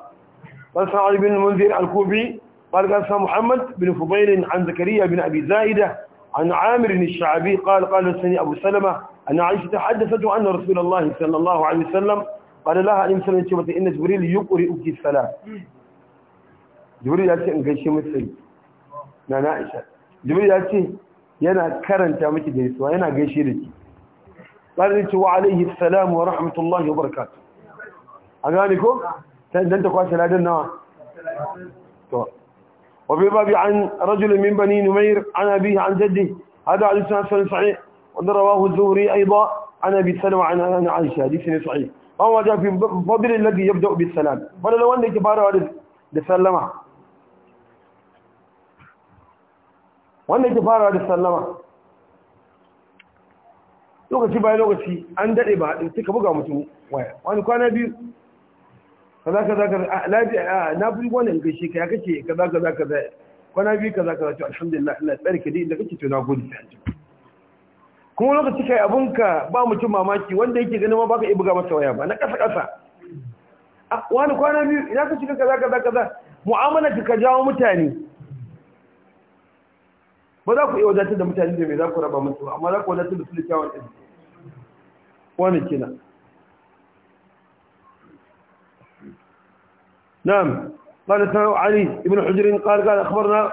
Speaker 1: ban san bin munzir al-kubi قال قال محمد بن فضيل عن زكريا بن أبي زائدة عن عامر الشعبي قال قال سني أبو سلمة أن عائشة تحدثت أن رسول الله صلى الله عليه وسلم قال لها عليه السلام يقول إن جبريل أوكي الصلاة جبريل يقول إن قيش مثل نانا عائشة جبريل يقول ينا كرن تامك ديس وينا قيش لك قال لك وعليه السلام ورحمة الله وبركاته أغانيكم أنت قواسي لادن نوا وفي باب عن رجل من بني نمير عن أبيه عن جده هذا عليه السلام صحيح ورواه رواه الزهري أيضا عن أبي سلمة عن عائشة حديث صحيح an wajen fi fadilin lagi yabda salam fadilin wanda yake wadda da sallama wanda yake fara wadda sallama lokaci bayan lokaci an daɗe ba haɗin suka buga mutum waya wani kwana biyu kaza kaza kaza a na fi in kai ka za ka kaza kaza kaza kwana biyu kaza kaza ka za ka za ka dai inda kake to na gode kuma lokaci kai abunka ba mutum mamaki wanda yake ganin ma baka ibuga masa waya ba na kasa kasa wani kwana biyu idan ka shiga kaza kaza kaza mu'amala ka jawo mutane ba za ku iya wadatar da mutane da mai za ku raba musu amma za ku wadatar da su littafin ɗin wani kina نعم قال علي بن حجر قال قال أخبرنا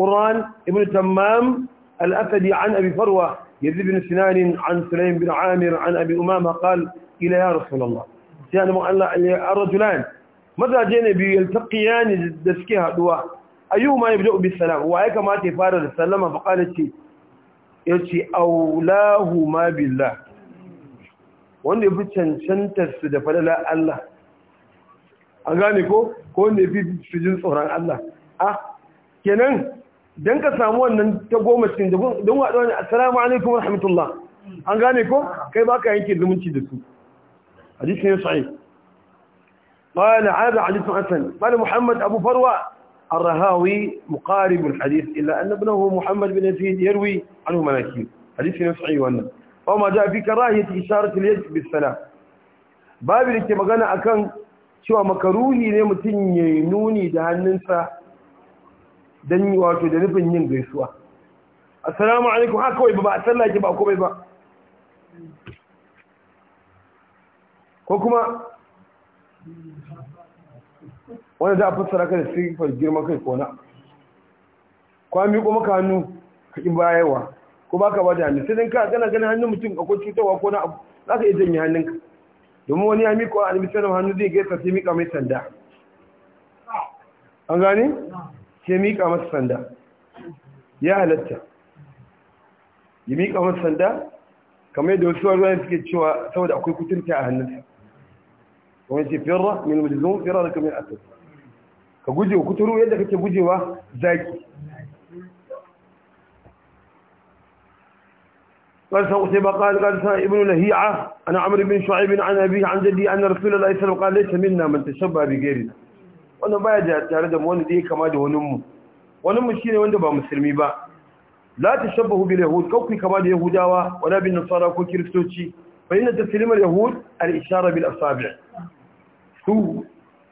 Speaker 1: قران ابن تمام الأسدي عن أبي فروة يزيد بن سنان عن سليم بن عامر عن أبي أمامة قال إلى يا رسول الله يعني الرجلان ماذا جانب يلتقيان دسكها دواء أيهما يبدأ بالسلام وعيك ما تفارد السلام فقالت يتي أولاهما بالله wanda ya fi cancantarsu da falala Allah an gane ko ko wanda ya fi sujin tsoron Allah ah kenan don ka samu wannan ta goma cikin jagun don waɗa wani assalamu alaikum wa rahmatullah an gane ko kai ba ka yanke zumunci da su hadisi ne sa'i قال هذا حديث حسن قال محمد أبو فروة الرهاوي مقارب الحديث إلا أن ابنه محمد بن يزيد يروي عنه مناكير حديث نفسعي وأنه وما جاء في كراهية إشارة اليد بالسلام باب اللي كما كان أكن شو مكروهي لمتن ينوني دهننسا don yi wato da nufin yin gaisuwa assalamu alaikum haka kawai ba a tsallake ba komai ba ko kuma wani za a fassara ka da sifar girman kai kona kwa ko maka hannu ka ƙi bayarwa ko baka ba da hannu sai dan ka gana ganin hannun mutum ko cutarwa ko na abu za ka iya janye hannunka domin wani ya miƙo a alibisanin hannu zai gaisa sai miƙa mai sanda an gani? sai miƙa masa sanda ya halatta ya miƙa masa sanda kamar yadda wasu ruwan suke cewa saboda akwai kuturta a hannunsa wani ce firra min mulzum firra da kamar asad ka guje wa kuturu yadda kake gujewa zaki قال سوقتيبة قال قال ابن لهيعة أنا عمرو بن شعيب عن أبيه عن جدي أن رسول الله صلى الله عليه وسلم قال ليس منا من تشبه بغيرنا wannan baya tare da wanda zai kama da wani mu wani mu shine wanda ba musulmi ba la tashabbahu bil yahud kawku kama da yahudawa wala bin nasara ko kristoci fa inna taslim al yahud al ishara bil asabi' su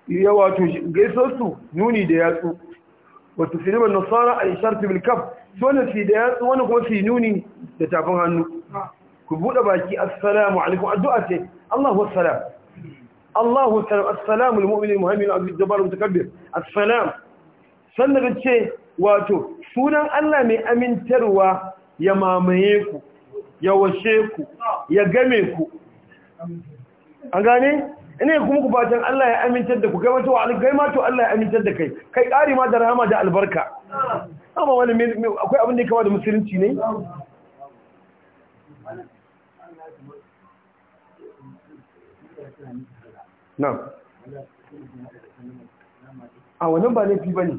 Speaker 1: ya wato gaisar su nuni da yatsu wa taslim al nasara al ishara bil kaf so ne fi da yatsu wani kuma fi nuni da tafin hannu ku bude baki assalamu alaikum addu'a ce Allahu assalam Allahu assalamu al-mu'min al-muhaimin al-jabbar al-mutakabbir assalam sannan ce wato sunan Allah mai amintarwa ya mamaye ku ya washe ku ya game ku an gane ina kuma ku fatan Allah ya amintar da ku kai mato kai to Allah ya amintar da kai kai kari ma da rahama da albarka amma wani akwai abin da ya kama da musulunci ne nan a wannan ba ne fi ba ne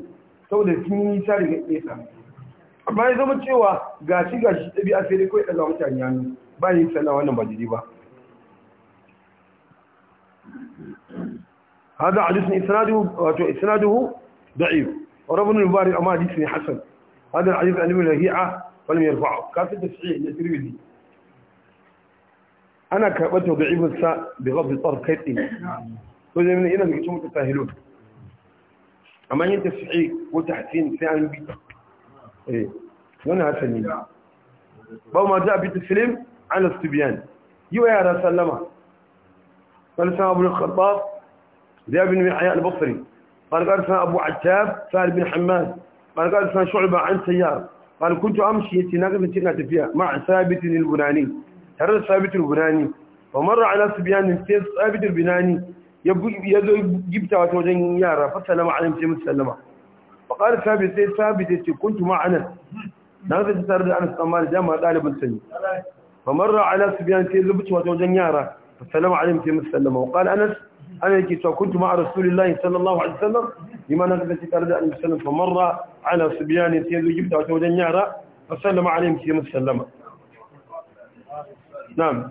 Speaker 1: saboda sun yi nisa daga ƙesa amma ya zama cewa gashi gashi ɗabi'a sai dai kawai ɗaga mutane yanu ba ne sana wannan ba jiri ba هذا حديث اسناده إسناده اسناده ضعيف وربنا المبارك اما حديث حسن هذا الحديث عن ابن لهيعه ولم يرفعه كافه تصحيح للترمذي أنا كبت وضعي مساء بغض الطرف كيف إني وإذا من إذا نجيش متفاهلون أما هي صحيح وتحسين في عن بيت إيه وأنا أسلم. بعد ما جاء بيت السلم على الصبيان يو يا رسول الله قال سنة أبو الخطاب ذي بن عياء البصري قال قال سنة أبو عتاب سالم بن حماد قال قال سنة شعبة عن سيارة قال كنت أمشي يتناقل في فيها مع ثابت البناني tare da sabitul bunani wa marra ala subyanin sai sabitul bunani ya zo gifta wata wajen yara fa salama alim sai musu sallama fa qala sabit sai sabit ya ce kuntu ma anas na zai tare da anas amma da jama'a dalibin sani fa marra ala subyanin sai zubuci wata wajen yara fa salama alim sai musu sallama wa qala anas أنا كنت كنت مع رسول الله صلى الله عليه وسلم لما نزلت ترد أن وسلم فمر على صبيان يتيذ جبت وتوجن يارا فسلم عليهم كيما سلم نعم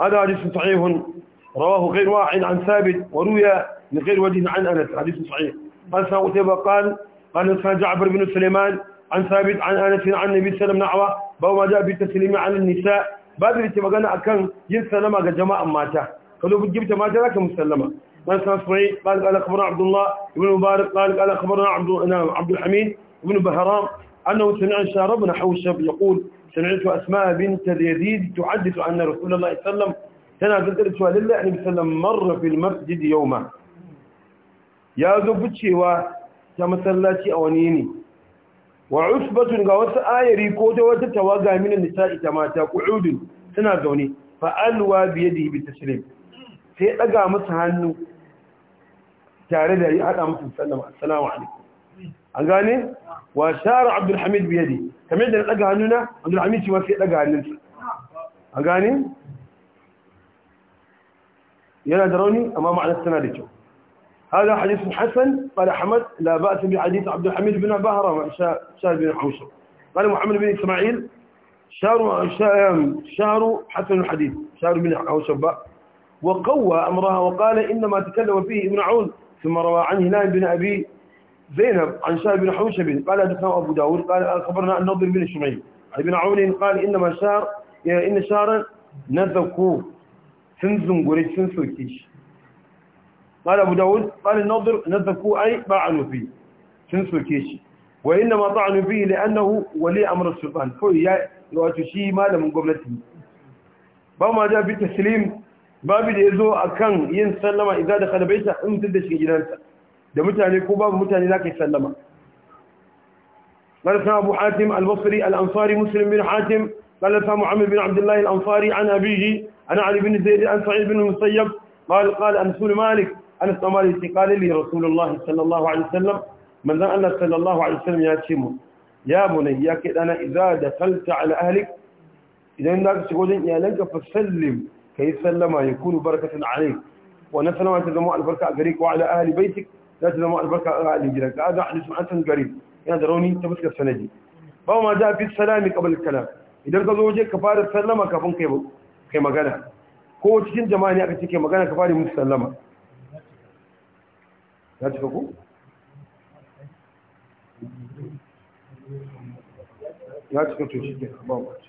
Speaker 1: هذا حديث صحيح رواه غير واحد عن ثابت وروي من غير وجه عن أنس حديث صحيح قال سنة قال قال نسان جعفر بن سليمان عن ثابت عن أنس عن النبي صلى الله عليه وسلم باب ما جاء بالتسليم على النساء بعد اللي magana akan yin salama جماعة jama'an قالوا kallo bujibta mata مسلمة قال man san قال قال اخبرنا عبد الله بن مبارك قال قال اخبرنا عبد نعم، عبد الحميد بن بهرام أنه سمع شارب بن حوشب يقول سمعت أسماء بنت اليزيد تحدث أن رسول الله صلى الله عليه وسلم تنازلت سؤال الله عليه وسلم مر في المسجد يوما يا زبتشي وتمثلاتي أونيني وعثبة قوات آيري كوتا وتتواقع من النساء تماتا قعود تنازوني فألوى بيده بالتسليم سيئة قامت هانو تعرض هذا مسلم السلام عليكم an وشارع عبد الحميد بيدي كم kamar لقى هنونا عبد الحميد شو ما في لقى هنونا hannunsa يلا دروني أمام على السنة دي شو هذا حديث حسن قال حمد لا بأس بحديث عبد الحميد بن بهرة شار بن حوشب قال محمد بن إسماعيل شار شار حسن الحديث شار بن حوشب وقوى أمرها وقال إنما تكلم فيه ابن عون ثم روى عنه هلال بن أبي زينب عن شاب بن حوشب قال حدثنا أبو داود قال خبرنا النضر بن شمعي عن بن عون قال إنما شار إن شارا نذكوه سنزن قريش سنسوكيش قال أبو داود قال النضر نذكوه أي طعنوا فيه سنسوكيش وإنما طعنوا فيه لأنه ولي أمر السلطان فهي يواتشي مالا من قبلته بما جاء في التسليم باب يزو أكن ينسلم إذا دخل بيته امتدش جنانته da mutane ko babu mutane za ka yi sallama قال أبو حاتم البصري الأنصاري مسلم بن حاتم قال محمد بن عبد الله الأنصاري عن أبيه عن علي بن زيد عن سعيد بن المسيب قال قال أنس مالك أنس مالك قال لي رسول الله صلى الله عليه وسلم من ذا أن صلى الله عليه وسلم يا ياتيمه يا بني يا أنا إذا دخلت على أهلك إذا عندك تقولين يا لك فسلم كي سلم يكون بركة عليك ونسلم على البركة عليك وعلى أهل بيتك za ta zama albarka a ahalin gidan ka azan hadisun an san gari yana da rauni ta fuskar sanadi ba ma za fi salami kabal kalam idan ka zo waje ka fara sallama kafin kai magana ko cikin jama'a ne aka ce kai magana ka fara musu sallama za ta ku ya cika to shi ke ba wace